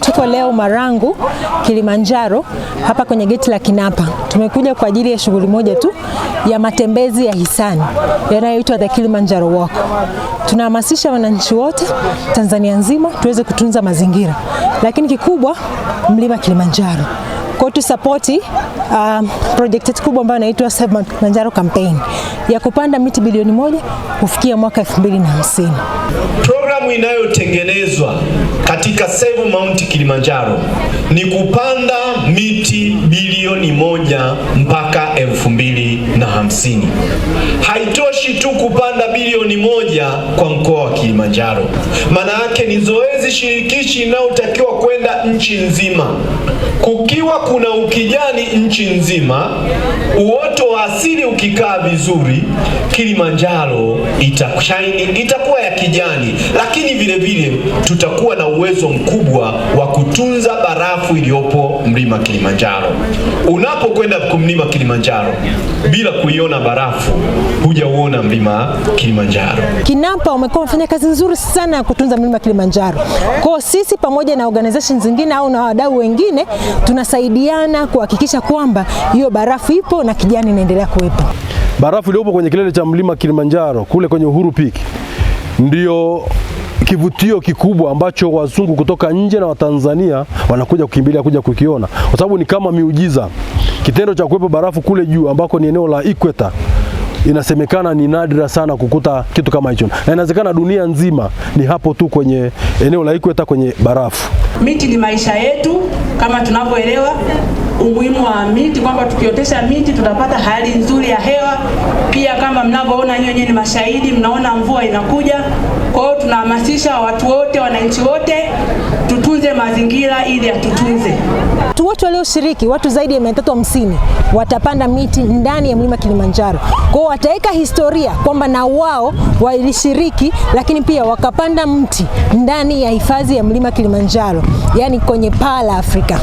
tuko leo Marangu Kilimanjaro, hapa kwenye geti la Kinapa. Tumekuja kwa ajili ya shughuli moja tu ya matembezi ya hisani yanayoitwa the Kilimanjaro Walk. Tunahamasisha wananchi wote Tanzania nzima tuweze kutunza mazingira, lakini kikubwa mlima Kilimanjaro kwa support uh, project kubwa ambayo inaitwa Save Mount Kilimanjaro campaign ya kupanda miti bilioni moja kufikia mwaka 2050. Programu inayotengenezwa katika Save Mount Kilimanjaro ni kupanda miti bilioni moja mpaka 2050 hamsini. Haitoshi tu kupanda bilioni moja kwa mkoa wa Kilimanjaro, maana yake ni zoezi shirikishi inayotakiwa kwenda nchi nzima. Kukiwa kuna ukijani nchi nzima, uoto wa asili ukikaa vizuri, Kilimanjaro itashaini, itakuwa ya kijani, lakini vilevile tutakuwa na uwezo mkubwa wa kutunza barafu iliyopo mlima Kilimanjaro. Unapokwenda kumlima Kilimanjaro bila kuyo Ukiona barafu hujauona mlima Kilimanjaro. Kinapa umekuwa unafanya kazi nzuri sana ya kutunza mlima Kilimanjaro. Kwa sisi pamoja na organization zingine au na wadau wengine tunasaidiana kuhakikisha kwamba hiyo barafu ipo na kijani inaendelea kuwepo. Barafu iliyopo kwenye kilele cha mlima Kilimanjaro kule kwenye Uhuru Peak ndio kivutio kikubwa ambacho wazungu kutoka nje na Watanzania wanakuja kukimbilia kuja kukiona, kwa sababu ni kama miujiza. Kitendo cha kuwepo barafu kule juu ambako ni eneo la ikweta inasemekana ni nadra sana kukuta kitu kama hicho, na inawezekana dunia nzima ni hapo tu kwenye eneo la ikweta kwenye barafu. Miti ni maisha yetu, kama tunavyoelewa umuhimu wa miti, kwamba tukiotesha miti tutapata hali nzuri ya hewa. Pia kama mnavyoona nyinyi wenyewe ni mashahidi, mnaona mvua inakuja. Kwa hiyo tunahamasisha watu wote, wananchi wote tutunze mazingira ili yatutunze. Watu wote walioshiriki, watu zaidi ya mia tatu hamsini watapanda miti ndani ya mlima Kilimanjaro. Kwao wataweka historia kwamba na wao walishiriki, lakini pia wakapanda mti ndani ya hifadhi ya mlima Kilimanjaro, yaani kwenye paa la Afrika.